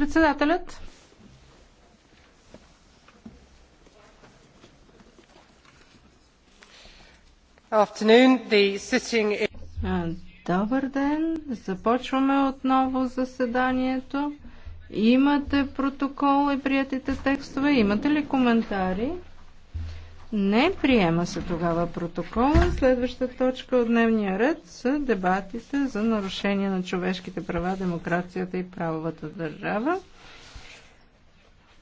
Председателят. Добър ден! Започваме отново заседанието. Имате протокол и приятите текстове. Имате ли коментари? Не приема се тогава протокола. Следваща точка от дневния ред са дебатите за нарушение на човешките права, демокрацията и правовата държава.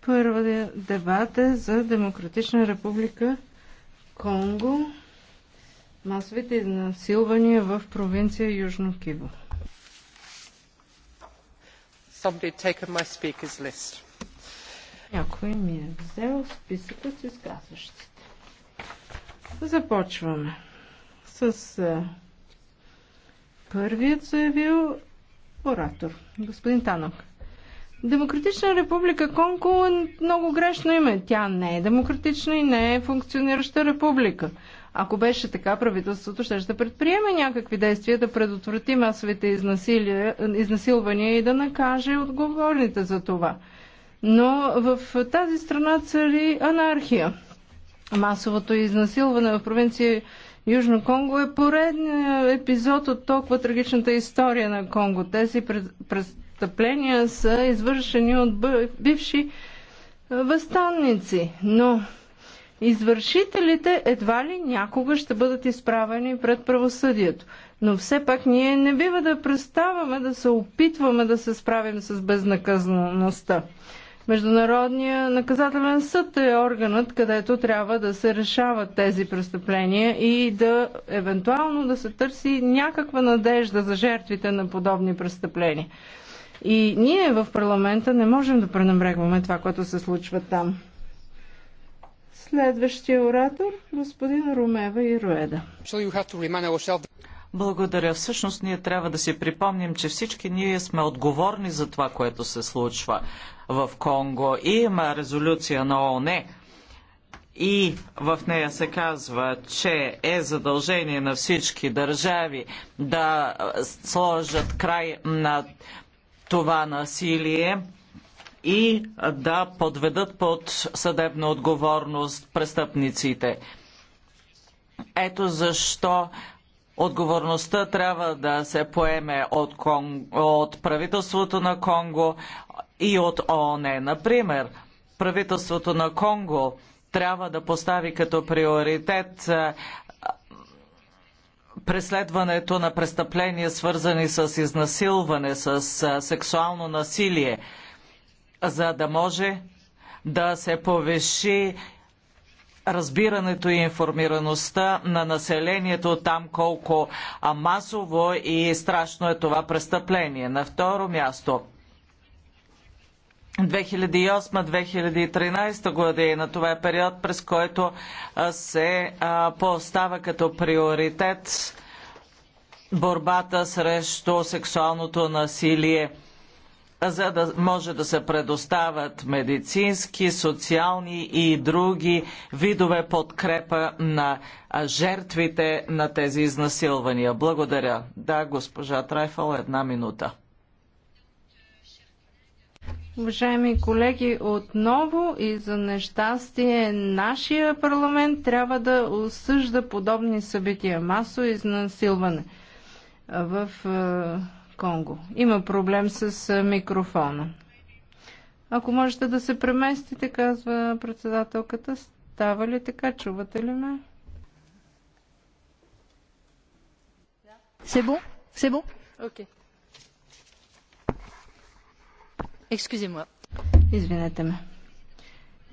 Първият дебат е за Демократична република Конго, масовите насилвания в провинция Южно Киво. Някой ми е взел списъка с изказващите. Започваме с първият заявил оратор, господин Танок. Демократична република Конго е много грешно име. Тя не е демократична и не е функционираща република. Ако беше така, правителството ще да предприеме някакви действия да предотврати масовите изнасилвания и да накаже отговорните за това. Но в тази страна цари анархия. Масовото изнасилване в провинция Южно Конго е пореден е, епизод от толкова трагичната история на Конго. Тези престъпления са извършени от бивши е, възстанници, но извършителите едва ли някога ще бъдат изправени пред правосъдието. Но все пак ние не бива да представаме да се опитваме да се справим с безнаказаността. Международния наказателен съд е органът, където трябва да се решават тези престъпления и да евентуално да се търси някаква надежда за жертвите на подобни престъпления. И ние в парламента не можем да пренебрегваме това, което се случва там. Следващия оратор, господин Румева и Руеда. Благодаря. Всъщност ние трябва да си припомним, че всички ние сме отговорни за това, което се случва в Конго. И има резолюция на ООН и в нея се казва, че е задължение на всички държави да сложат край на това насилие и да подведат под съдебна отговорност престъпниците. Ето защо Отговорността трябва да се поеме от, от правителството на Конго и от ООН. Например, правителството на Конго трябва да постави като приоритет преследването на престъпления, свързани с изнасилване, с сексуално насилие, за да може да се повиши разбирането и информираността на населението там колко масово и страшно е това престъпление. На второ място 2008-2013 година. Това е период, през който се поставя като приоритет борбата срещу сексуалното насилие за да може да се предоставят медицински, социални и други видове подкрепа на жертвите на тези изнасилвания. Благодаря. Да, госпожа Трайфал, една минута. Уважаеми колеги, отново и за нещастие нашия парламент трябва да осъжда подобни събития Масо изнасилване. В е, Конго. Има проблем с микрофона. Ако можете да се преместите, казва председателката, става ли така? Чувате ли ме? Себо? Себо? Окей. Екскюзи Ok. Извинете ме.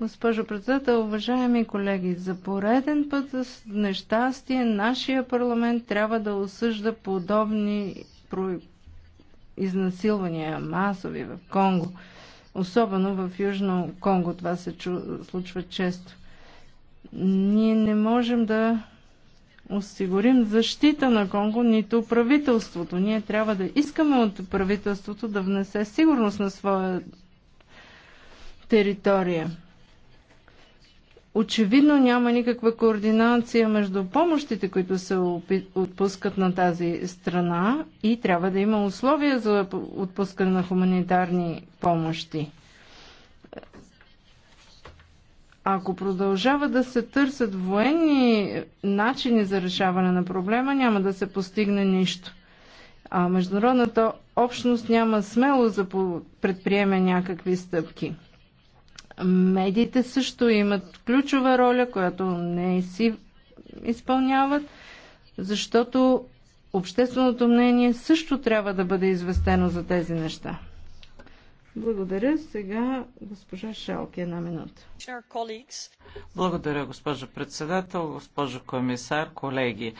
Госпожо председател, уважаеми колеги, за пореден път с нещастие нашия парламент трябва да осъжда подобни изнасилвания масови в Конго. Особено в Южно Конго това се чу, случва често. Ние не можем да осигурим защита на Конго, нито правителството. Ние трябва да искаме от правителството да внесе сигурност на своя територия. Очевидно няма никаква координация между помощите, които се отпускат на тази страна и трябва да има условия за отпускане на хуманитарни помощи. Ако продължава да се търсят военни начини за решаване на проблема, няма да се постигне нищо. А международната общност няма смело да предприеме някакви стъпки. Медиите също имат ключова роля, която не си изпълняват, защото общественото мнение също трябва да бъде известено за тези неща. Благодаря. Сега госпожа Шалки, една минута. Благодаря, госпожо председател, госпожо комисар, колеги.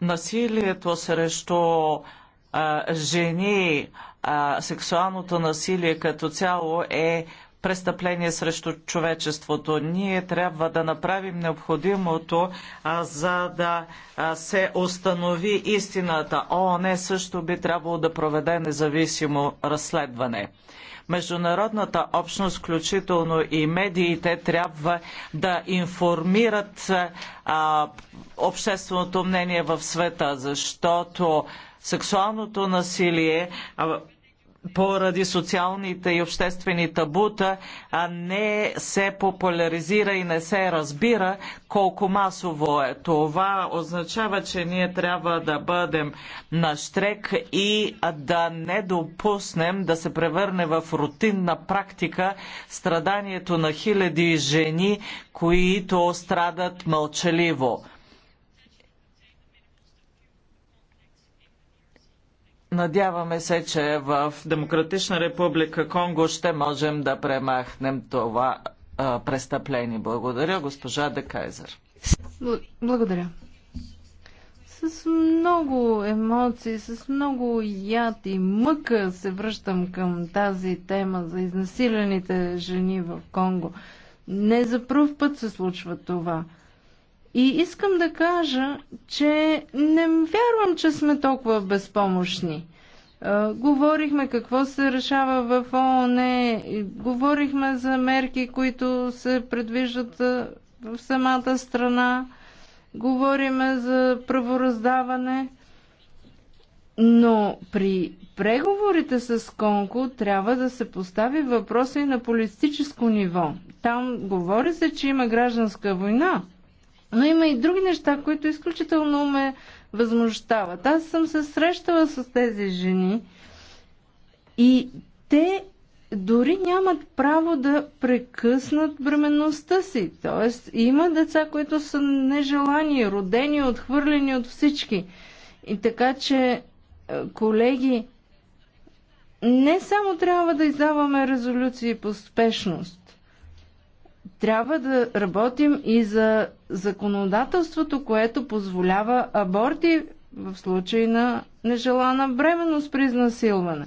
Насилието срещу а, жени, а, сексуалното насилие като цяло е престъпление срещу човечеството. Ние трябва да направим необходимото, а, за да а, се установи истината. ООН също би трябвало да проведе независимо разследване. Международната общност, включително и медиите, трябва да информират а, общественото мнение в света, защото сексуалното насилие поради социалните и обществени табута а не се популяризира и не се разбира колко масово е. Това означава, че ние трябва да бъдем на штрек и да не допуснем да се превърне в рутинна практика страданието на хиляди жени, които страдат мълчаливо Надяваме се, че в Демократична република Конго ще можем да премахнем това а, престъпление. Благодаря, госпожа Декайзер. Благодаря. С много емоции, с много яд и мъка се връщам към тази тема за изнасилените жени в Конго. Не за първ път се случва това. И искам да кажа, че не вярвам, че сме толкова безпомощни. Говорихме какво се решава в ООН, говорихме за мерки, които се предвиждат в самата страна, говориме за правораздаване, но при преговорите с Конко трябва да се постави въпроса и на политическо ниво. Там говори се, че има гражданска война, но има и други неща, които изключително ме възмущават. Аз съм се срещала с тези жени и те дори нямат право да прекъснат бременността си. Тоест, има деца, които са нежелани, родени, отхвърлени от всички. И така че, е, колеги, не само трябва да издаваме резолюции по спешност, трябва да работим и за законодателството, което позволява аборти в случай на нежелана бременност при изнасилване.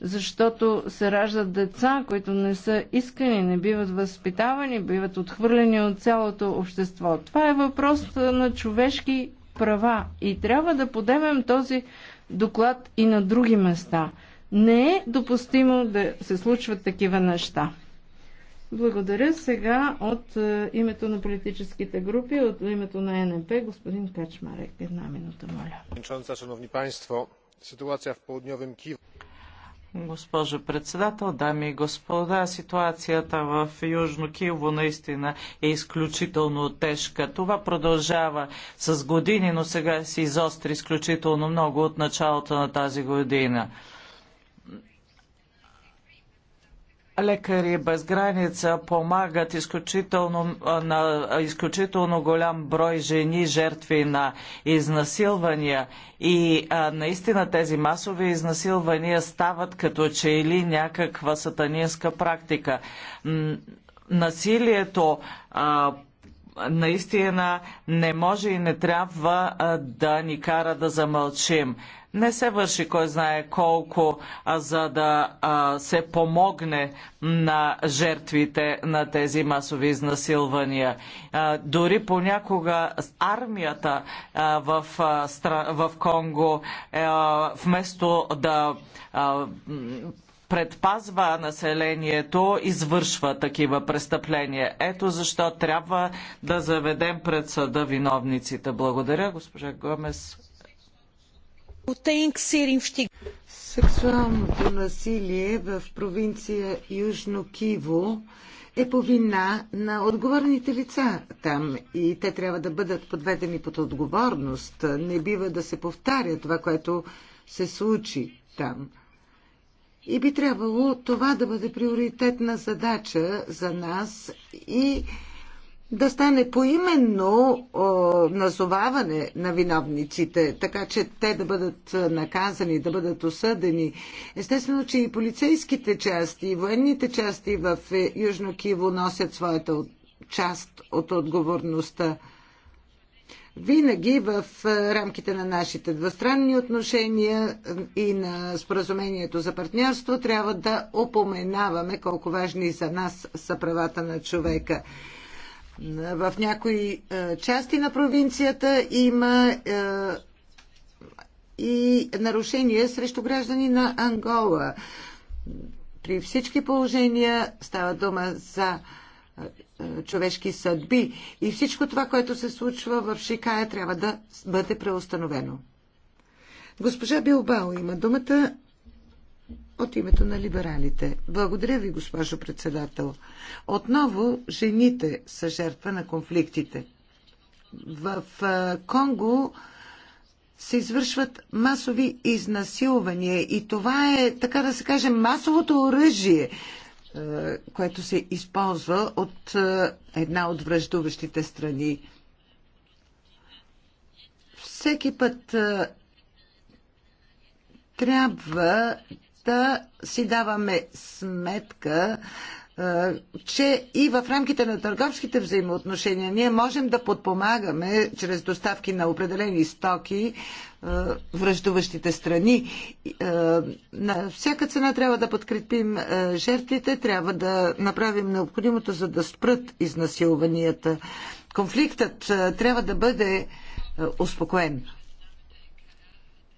Защото се раждат деца, които не са искани, не биват възпитавани, биват отхвърлени от цялото общество. Това е въпрос на човешки права и трябва да подемем този доклад и на други места. Не е допустимо да се случват такива неща. Благодаря сега от е, името на политическите групи, от името на НП, господин Качмарек. Една минута, моля. Госпожо председател, дами и господа, ситуацията в Южно Киево наистина е изключително тежка. Това продължава с години, но сега се изостри изключително много от началото на тази година. Лекари без граница помагат изключително, на изключително голям брой жени, жертви на изнасилвания. И а, наистина тези масови изнасилвания стават като че или някаква сатанинска практика. насилието а, наистина не може и не трябва а, да ни кара да замълчим не се върши кой знае колко, а, за да а, се помогне на жертвите на тези масови изнасилвания. А, дори понякога армията а, в, а, стра, в Конго а, е, вместо да а, предпазва населението, извършва такива престъпления. Ето защо трябва да заведем пред съда виновниците. Благодаря, госпожа Гомес. Сексуалното насилие в провинция Южно Киво е по вина на отговорните лица там и те трябва да бъдат подведени под отговорност. Не бива да се повтаря това, което се случи там. И би трябвало това да бъде приоритетна задача за нас и да стане поименно о, назоваване на виновниците, така че те да бъдат наказани, да бъдат осъдени. Естествено, че и полицейските части, и военните части в е, Южно Киево носят своята част от отговорността. Винаги в е, рамките на нашите двустранни отношения е, и на споразумението за партньорство трябва да опоменаваме колко важни за нас са правата на човека. В някои е, части на провинцията има е, и нарушения срещу граждани на Ангола. При всички положения става дума за е, човешки съдби и всичко това, което се случва в Шикая, трябва да бъде преустановено. Госпожа Билбао има думата от името на либералите. Благодаря ви, госпожо председател. Отново жените са жертва на конфликтите. В Конго се извършват масови изнасилвания и това е, така да се каже, масовото оръжие, което се използва от една от връждуващите страни. Всеки път трябва да си даваме сметка, че и в рамките на търговските взаимоотношения ние можем да подпомагаме чрез доставки на определени стоки връждуващите страни. На всяка цена трябва да подкрепим жертвите, трябва да направим необходимото, за да спрат изнасилванията. Конфликтът трябва да бъде успокоен.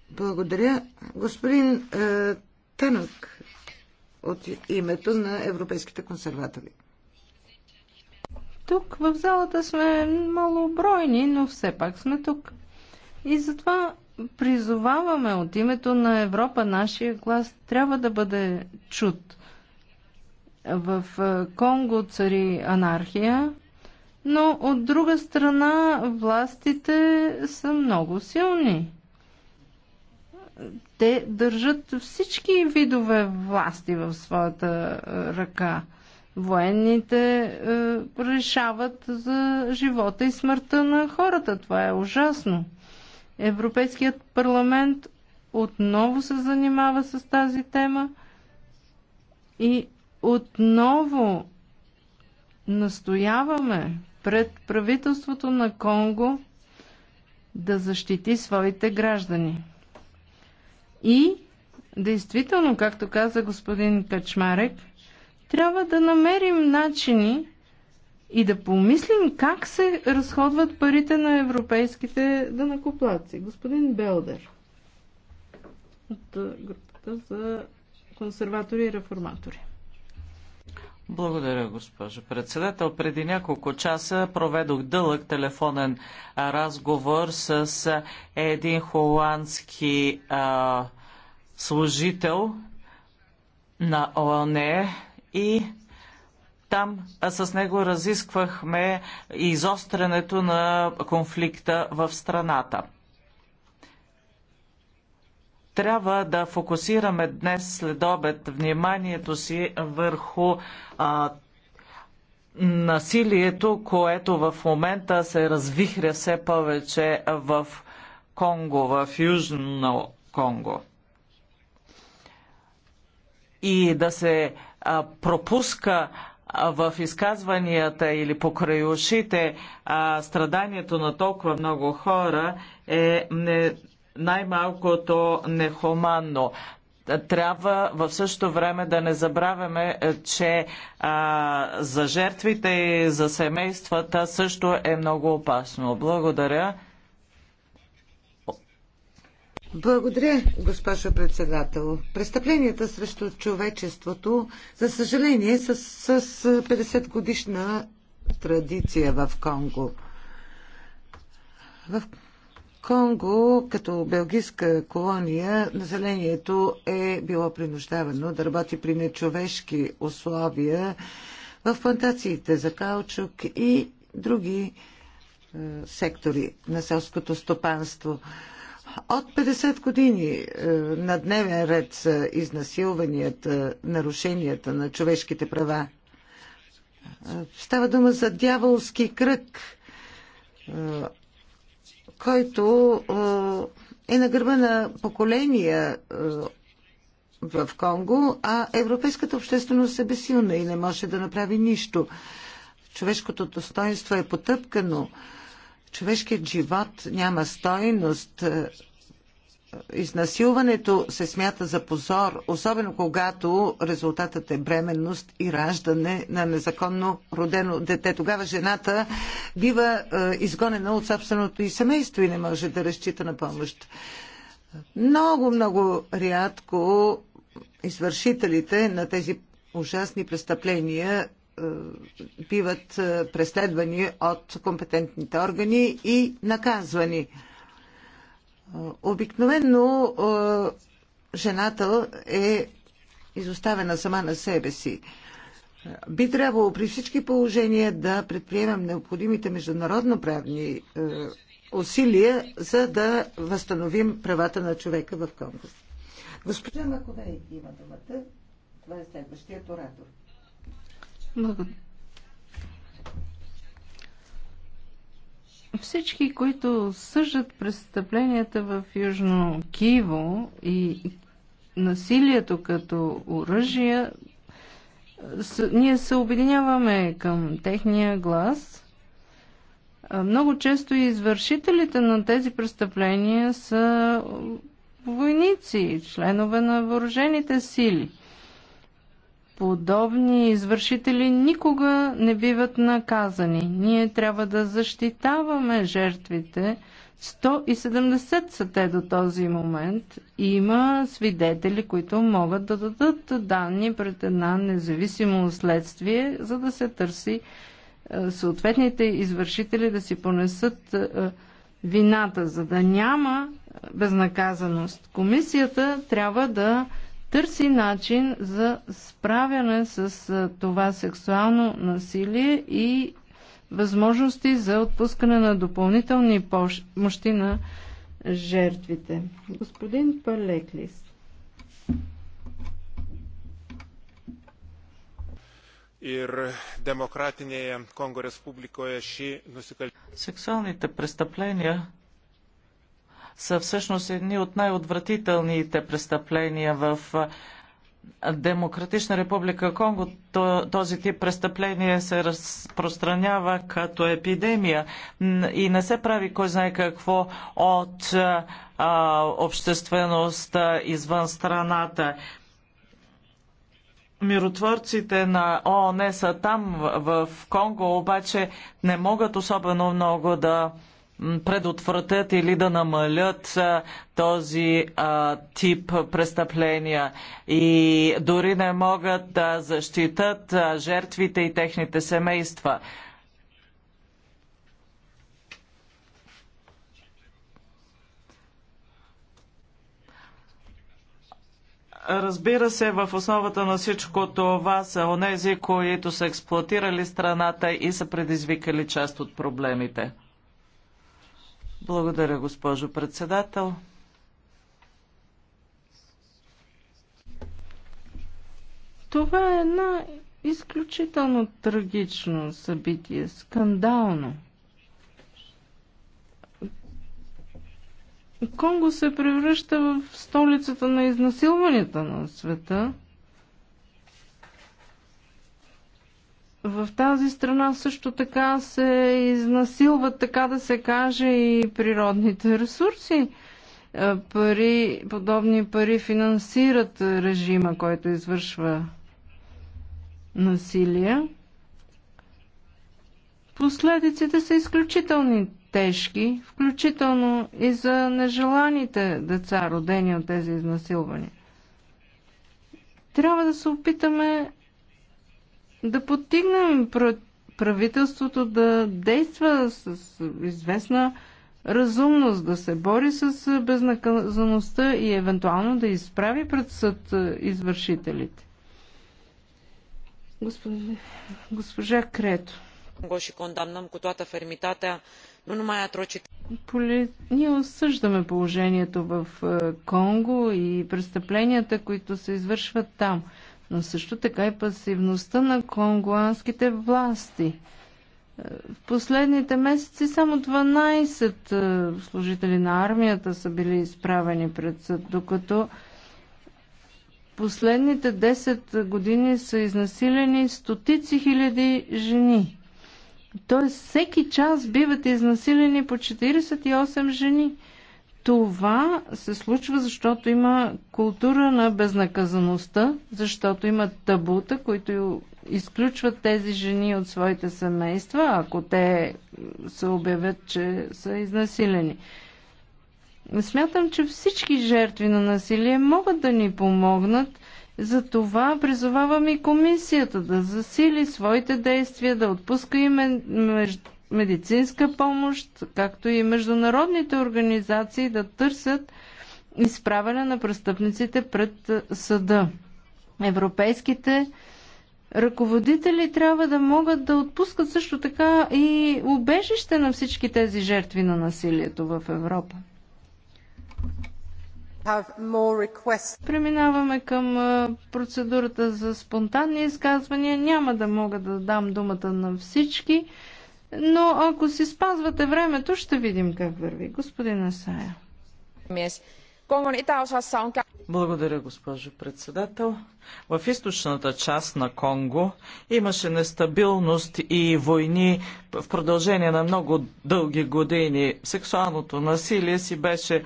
Благодаря. Господин Танък от името на европейските консерватори. Тук в залата сме малобройни, но все пак сме тук. И затова призоваваме от името на Европа нашия глас трябва да бъде чут. В е, Конго цари анархия, но от друга страна властите са много силни те държат всички видове власти в своята е, ръка. Военните е, решават за живота и смъртта на хората. Това е ужасно. Европейският парламент отново се занимава с тази тема и отново настояваме пред правителството на Конго да защити своите граждани. И, действително, както каза господин Качмарек, трябва да намерим начини и да помислим как се разходват парите на европейските данакоплаци. Господин Белдер от групата за консерватори и реформатори. Благодаря, госпожо председател. Преди няколко часа проведох дълъг телефонен разговор с един холандски а, служител на ООН и там с него разисквахме изострянето на конфликта в страната трябва да фокусираме днес след обед вниманието си върху а, насилието, което в момента се развихря все повече в Конго, в Южно Конго. И да се а, пропуска в изказванията или покрай ушите а, страданието на толкова много хора е не, най-малкото нехуманно. Трябва в същото време да не забравяме, е, че а, за жертвите и за семействата също е много опасно. Благодаря. Благодаря, госпожо председател. Престъпленията срещу човечеството, за съжаление, с, с 50 годишна традиция в Конго. В Конго, като белгийска колония, населението е било принуждавано да работи при нечовешки условия в плантациите за каучук и други е, сектори на селското стопанство. От 50 години е, на дневен ред са изнасилванията, нарушенията на човешките права. Е, става дума за дяволски кръг е, който е на гърба на поколения в Конго, а европейската общественост е безсилна и не може да направи нищо. Човешкото достоинство е потъпкано. Човешкият живот няма стойност. Изнасилването се смята за позор, особено когато резултатът е бременност и раждане на незаконно родено дете. Тогава жената бива е, изгонена от собственото и семейство и не може да разчита на помощ. Много, много рядко извършителите на тези ужасни престъпления е, биват е, преследвани от компетентните органи и наказвани. Обикновено жената е изоставена сама на себе си. Би трябвало при всички положения да предприемам необходимите международно-правни усилия, за да възстановим правата на човека в Конго. Госпожа Маковей има думата. Това е следващият оратор. Благодаря. Всички, които съждат престъпленията в Южно Киево и насилието като оръжие, ние се обединяваме към техния глас. Много често и извършителите на тези престъпления са войници, членове на въоръжените сили – подобни извършители никога не биват наказани. Ние трябва да защитаваме жертвите. 170 са те до този момент. Има свидетели, които могат да дадат данни пред една независимо следствие, за да се търси е, съответните извършители да си понесат е, вината, за да няма безнаказаност. Комисията трябва да търси начин за справяне с това сексуално насилие и възможности за отпускане на допълнителни мощи на жертвите. Господин Палеклис. ir Demokratinėje Kongo Respublikoje šį nusikaltimą. Seksualните престъпления са всъщност едни от най-отвратителните престъпления в Демократична република Конго този тип престъпление се разпространява като епидемия и не се прави кой знае какво от обществеността извън страната. Миротворците на ООН са там в Конго, обаче не могат особено много да предотвратят или да намалят този а, тип престъпления и дори не могат да защитат жертвите и техните семейства. Разбира се, в основата на всичко това са онези, които са експлуатирали страната и са предизвикали част от проблемите. Благодаря, госпожо председател. Това е една изключително трагично събитие, скандално. Конго се превръща в столицата на изнасилванията на света – в тази страна също така се изнасилват, така да се каже, и природните ресурси. Е, пари, подобни пари финансират режима, който извършва насилие. Последиците са изключителни тежки, включително и за нежеланите деца, родени от тези изнасилвания. Трябва да се опитаме да подтигнем правителството да действа с известна разумност, да се бори с безнаказаността и евентуално да изправи пред съд е, извършителите. госпожа Крето. Și condamnăm cu toată fermitatea, nu numai Поли... Ние осъждаме положението в е, Конго и престъпленията, които се извършват там но също така и пасивността на конгуанските власти. Е, в последните месеци само 12 е, служители на армията са били изправени пред съд, докато последните 10 години са изнасилени стотици хиляди жени. Тоест всеки час биват изнасилени по 48 жени. Това се случва, защото има култура на безнаказаността, защото има табута, които изключват тези жени от своите семейства, ако те се обявят, че са изнасилени. Смятам, че всички жертви на насилие могат да ни помогнат. Затова призовавам и комисията да засили своите действия, да отпуска им медицинска помощ, както и международните организации да търсят изправяне на престъпниците пред съда. Европейските ръководители трябва да могат да отпускат също така и убежище на всички тези жертви на насилието в Европа. Преминаваме към процедурата за спонтанни изказвания. Няма да мога да дам думата на всички но ако си спазвате времето, ще видим как върви. Господин Асая. Благодаря, госпожо председател. В източната част на Конго имаше нестабилност и войни в продължение на много дълги години. Сексуалното насилие си беше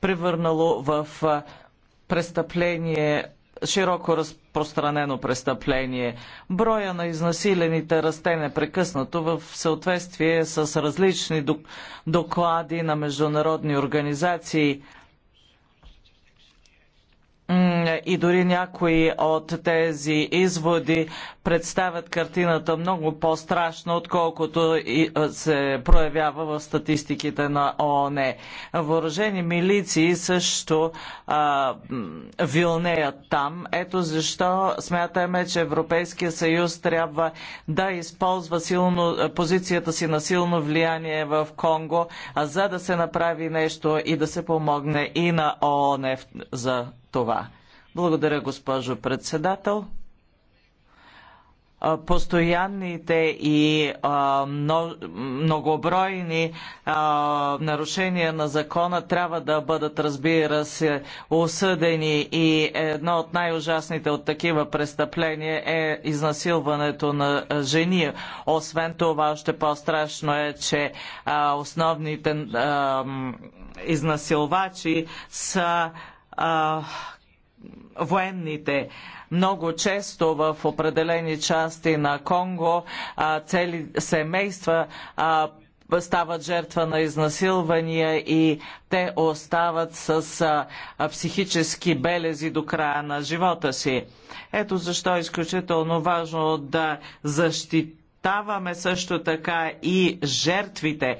превърнало в престъпление широко разпространено престъпление. Броя на изнасилените расте непрекъснато в съответствие с различни доклади на международни организации – и дори някои от тези изводи представят картината много по-страшно, отколкото е, се проявява в статистиките на ООН. Въоръжени милиции също а, вилнеят там. Ето защо смятаме, че Европейския съюз трябва да използва силно, е, позицията си на силно влияние в Конго, за да се направи нещо и да се помогне и на ООН за това. Благодаря, госпожо председател. Постоянните и многобройни нарушения на закона трябва да бъдат, разбира се, осъдени и едно от най-ужасните от такива престъпления е изнасилването на жени. Освен това, още по-страшно е, че основните изнасилвачи са военните. Много често в определени части на Конго цели семейства стават жертва на изнасилвания и те остават с психически белези до края на живота си. Ето защо е изключително важно да защитаваме също така и жертвите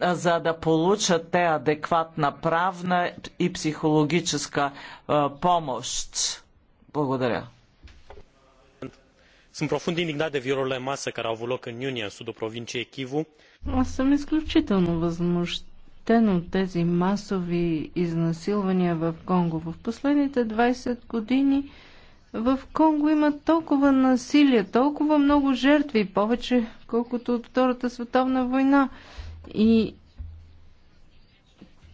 за да получат те адекватна правна и психологическа е, помощ. Благодаря. Sunt profund indignat de violurile în masă care au avut loc în iunie în sudul provinciei Kivu. Аз съм изключително възмущен от тези масови изнасилвания в Конго. В последните 20 години в Конго има толкова насилие, толкова много жертви, повече колкото от Втората световна война. И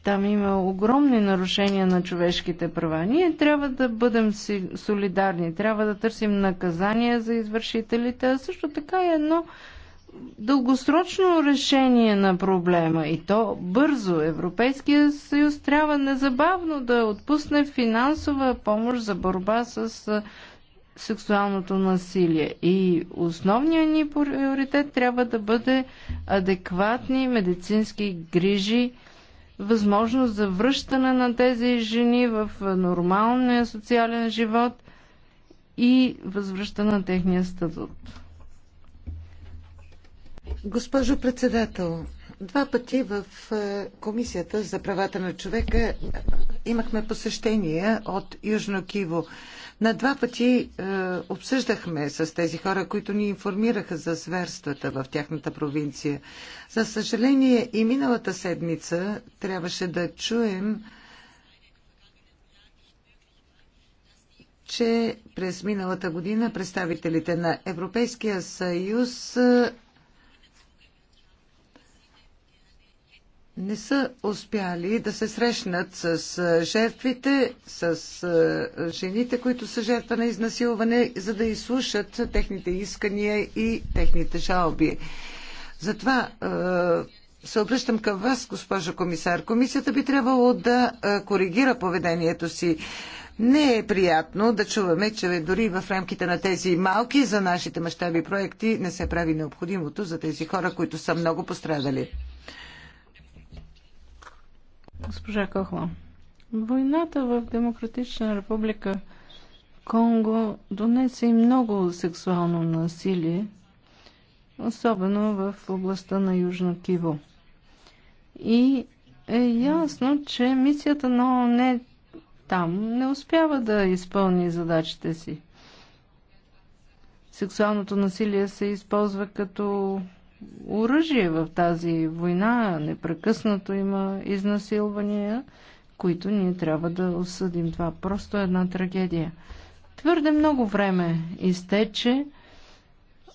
там има огромни нарушения на човешките права. Ние трябва да бъдем солидарни, трябва да търсим наказания за извършителите, а също така е едно дългосрочно решение на проблема и то бързо. Европейския съюз трябва незабавно да отпусне финансова помощ за борба с сексуалното насилие. И основният ни приоритет трябва да бъде адекватни медицински грижи, възможност за връщане на тези жени в нормалния социален живот и възвръщане на техния статут. Госпожо председател, Два пъти в е, Комисията за правата на човека е, имахме посещения от Южно Киво. На два пъти е, обсъждахме с тези хора, които ни информираха за зверствата в тяхната провинция. За съжаление и миналата седмица трябваше да чуем, че през миналата година представителите на Европейския съюз е, не са успяли да се срещнат с жертвите, с жените, които са жертва на изнасилване, за да изслушат техните искания и техните жалби. Затова се обръщам към вас, госпожо комисар. Комисията би трябвало да коригира поведението си. Не е приятно да чуваме, че дори в рамките на тези малки за нашите мащаби проекти не се прави необходимото за тези хора, които са много пострадали. Госпожа Кохла, войната в Демократична република Конго донесе и много сексуално насилие, особено в областта на Южно Киво. И е ясно, че мисията на ООН е там не успява да изпълни задачите си. Сексуалното насилие се използва като оръжие в тази война. Непрекъснато има изнасилвания, които ние трябва да осъдим. Това просто е една трагедия. Твърде много време изтече,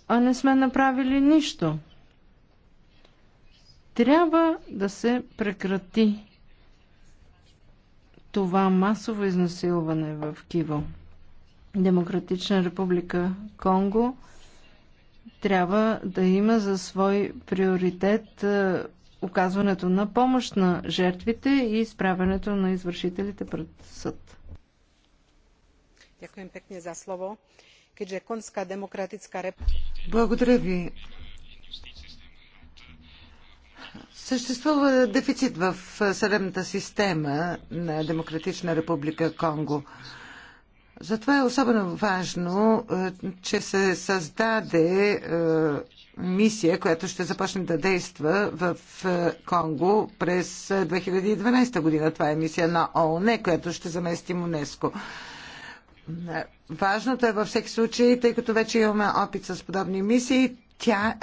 а не сме направили нищо. Трябва да се прекрати това масово изнасилване в Киво. Демократична република Конго – трябва да има за свой приоритет е, оказването на помощ на жертвите и изправянето на извършителите пред съд. Благодаря ви. Съществува дефицит в съдебната система на Демократична република Конго. Затова е особено важно, е, че се създаде е, мисия, която ще започне да действа в е, Конго през 2012 година. Това е мисия на ООН, която ще замести МУНЕСКО. Важното е във всеки случай, тъй като вече имаме опит с подобни мисии, тя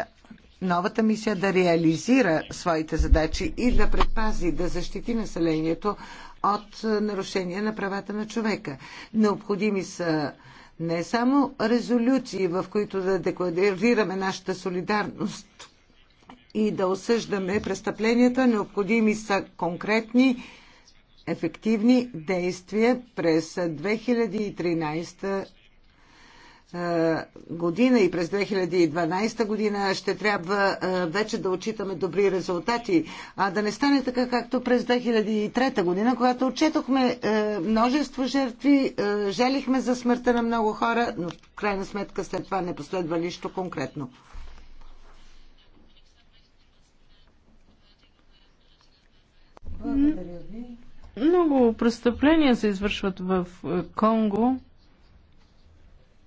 новата мисия да реализира своите задачи и да предпази, да защити населението от е, нарушения на правата на човека. Необходими са не само резолюции, в които да декларираме нашата солидарност и да осъждаме престъпленията, необходими са конкретни ефективни действия през 2013 година и през 2012 година ще трябва вече да отчитаме добри резултати, а да не стане така както през 2003 година, когато отчетохме множество жертви, желихме за смъртта на много хора, но в крайна сметка след това не последва нищо конкретно. Благодаря ви. Много престъпления се извършват в Конго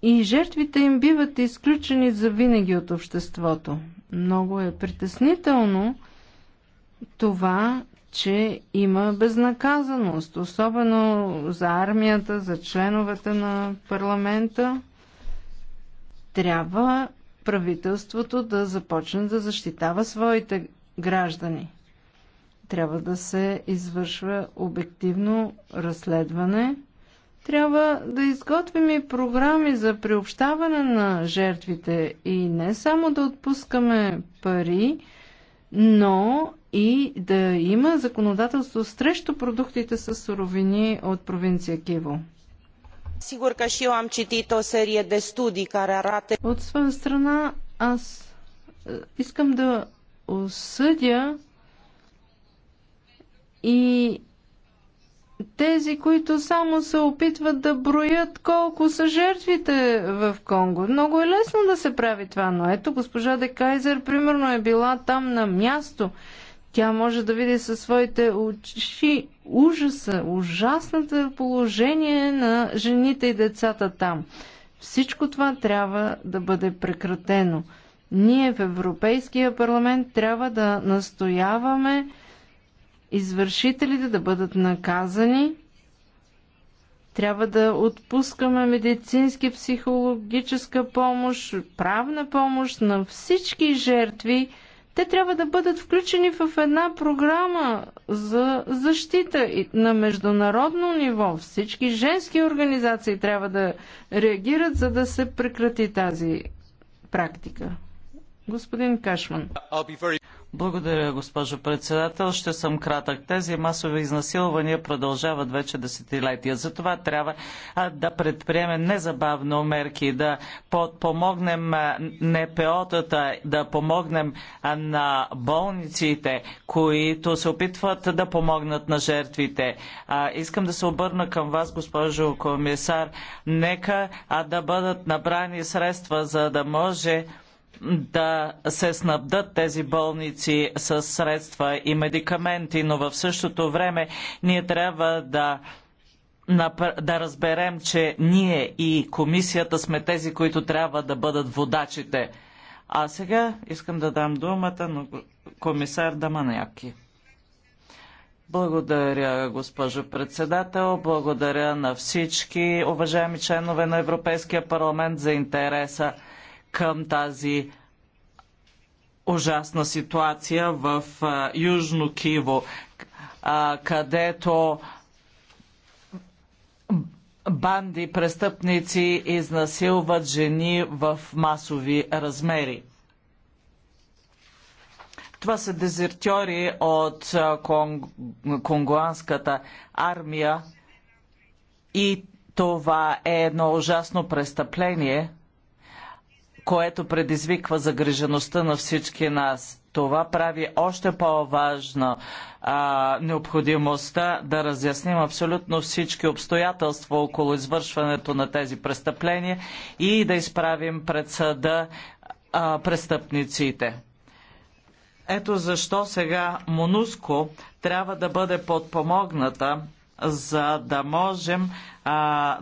и жертвите им биват изключени за винаги от обществото. Много е притеснително това, че има безнаказаност, особено за армията, за членовете на парламента. Трябва правителството да започне да защитава своите граждани. Трябва да се извършва обективно разследване – трябва да изготвим и програми за приобщаване на жертвите и не само да отпускаме пари, но и да има законодателство срещу продуктите с суровини от провинция Киво. От своя страна, аз е, искам да осъдя и тези, които само се опитват да броят колко са жертвите в Конго. Много е лесно да се прави това, но ето госпожа Декайзер, примерно, е била там на място. Тя може да види със своите очи ужаса, ужасното положение на жените и децата там. Всичко това трябва да бъде прекратено. Ние в Европейския парламент трябва да настояваме извършителите да бъдат наказани. Трябва да отпускаме медицински, психологическа помощ, правна помощ на всички жертви. Те трябва да бъдат включени в една програма за защита на международно ниво. Всички женски организации трябва да реагират, за да се прекрати тази практика. Господин Кашман. Благодаря, госпожо председател. Ще съм кратък. Тези масови изнасилвания продължават вече десетилетия. Затова трябва да предприемем незабавно мерки, да подпомогнем НПО-тата, да помогнем на болниците, които се опитват да помогнат на жертвите. Искам да се обърна към вас, госпожо комисар. Нека да бъдат набрани средства, за да може да се снабдат тези болници с средства и медикаменти, но в същото време ние трябва да да разберем, че ние и комисията сме тези, които трябва да бъдат водачите. А сега искам да дам думата на комисар Даманяки. Благодаря, госпожо председател. Благодаря на всички уважаеми членове на Европейския парламент за интереса към тази ужасна ситуация в Южно Киво, където банди, престъпници изнасилват жени в масови размери. Това са дезертьори от конг... конгуанската армия и това е едно ужасно престъпление – което предизвиква загрижеността на всички нас. Това прави още по-важна необходимостта да разясним абсолютно всички обстоятелства около извършването на тези престъпления и да изправим пред съда а, престъпниците. Ето защо сега Монуско трябва да бъде подпомогната, за да можем а,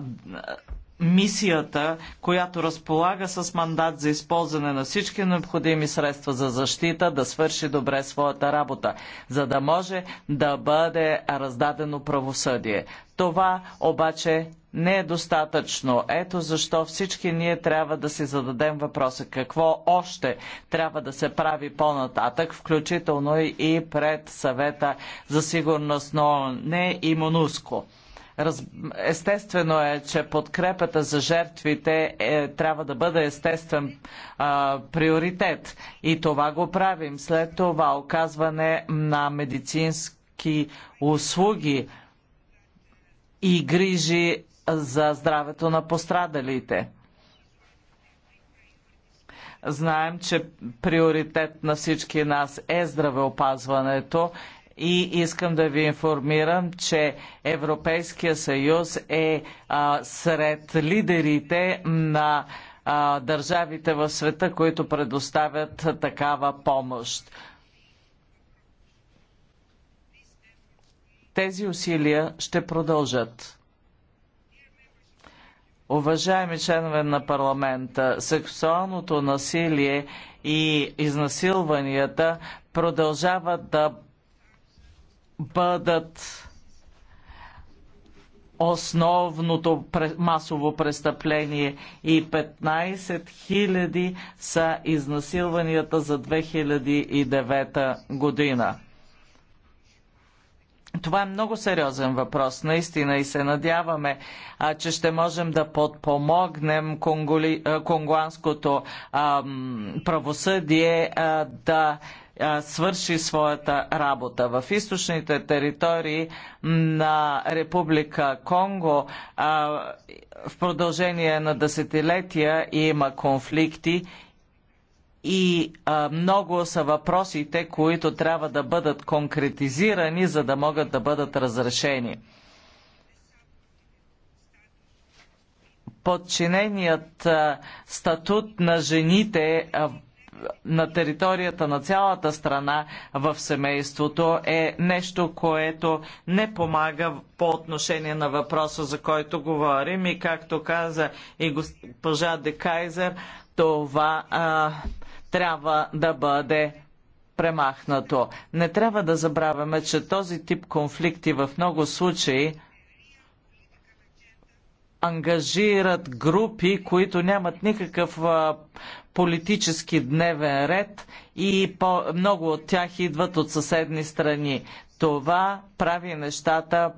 мисията, която разполага с мандат за използване на всички необходими средства за защита, да свърши добре своята работа, за да може да бъде раздадено правосъдие. Това обаче не е достатъчно. Ето защо всички ние трябва да си зададем въпроса какво още трябва да се прави по-нататък, включително и пред съвета за сигурност, но не и Монуско. Раз... Естествено е, че подкрепата за жертвите е, трябва да бъде естествен а, приоритет. И това го правим. След това оказване на медицински услуги и грижи за здравето на пострадалите. Знаем, че приоритет на всички нас е здравеопазването и искам да ви информирам, че Европейския съюз е а, сред лидерите на а, държавите в света, които предоставят такава помощ. Тези усилия ще продължат. Уважаеми членове на парламента, сексуалното насилие и изнасилванията продължават да бъдат основното масово престъпление и 15 000 са изнасилванията за 2009 година. Това е много сериозен въпрос, наистина, и се надяваме, а, че ще можем да подпомогнем конголи, а, конгуанското а, правосъдие а, да свърши своята работа. В източните територии на Република Конго в продължение на десетилетия има конфликти и а, много са въпросите, които трябва да бъдат конкретизирани, за да могат да бъдат разрешени. Подчиненият а, статут на жените а, на територията на цялата страна в семейството е нещо, което не помага по отношение на въпроса, за който говорим. И както каза и госпожа Декайзер, това а, трябва да бъде премахнато. Не трябва да забравяме, че този тип конфликти в много случаи ангажират групи, които нямат никакъв политически дневен ред и по- много от тях идват от съседни страни. Това прави нещата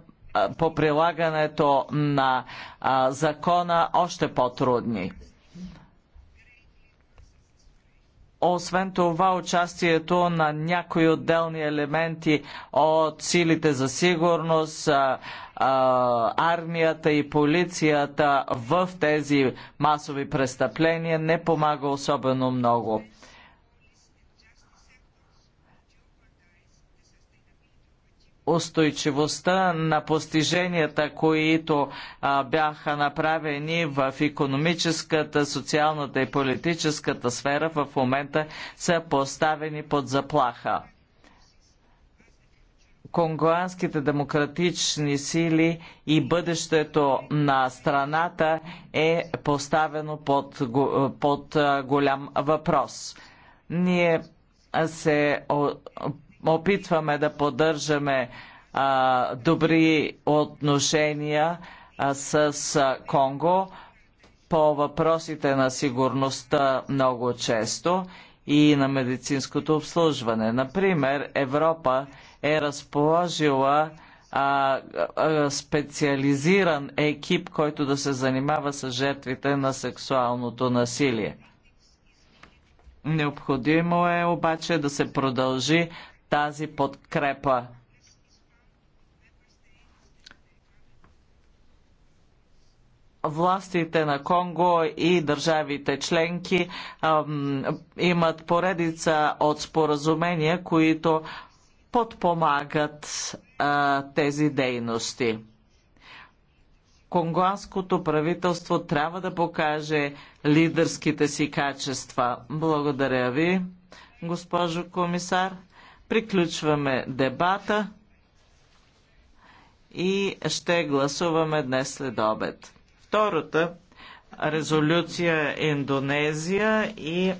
по прилагането на а, закона още по-трудни. Освен това, участието на някои отделни елементи от силите за сигурност, а, армията и полицията в тези масови престъпления не помага особено много. устойчивостта на постиженията, които а, бяха направени в економическата, социалната и политическата сфера в момента са поставени под заплаха конгоанските демократични сили и бъдещето на страната е поставено под, под голям въпрос. Ние се опитваме да поддържаме добри отношения с Конго по въпросите на сигурността много често и на медицинското обслужване. Например, Европа е разположила а, а, специализиран екип, който да се занимава с жертвите на сексуалното насилие. Необходимо е обаче да се продължи тази подкрепа. Властите на Конго и държавите членки ам, имат поредица от споразумения, които подпомагат а, тези дейности. Конгуанското правителство трябва да покаже лидерските си качества. Благодаря ви, госпожо комисар. Приключваме дебата и ще гласуваме днес след обед. Втората резолюция е Индонезия и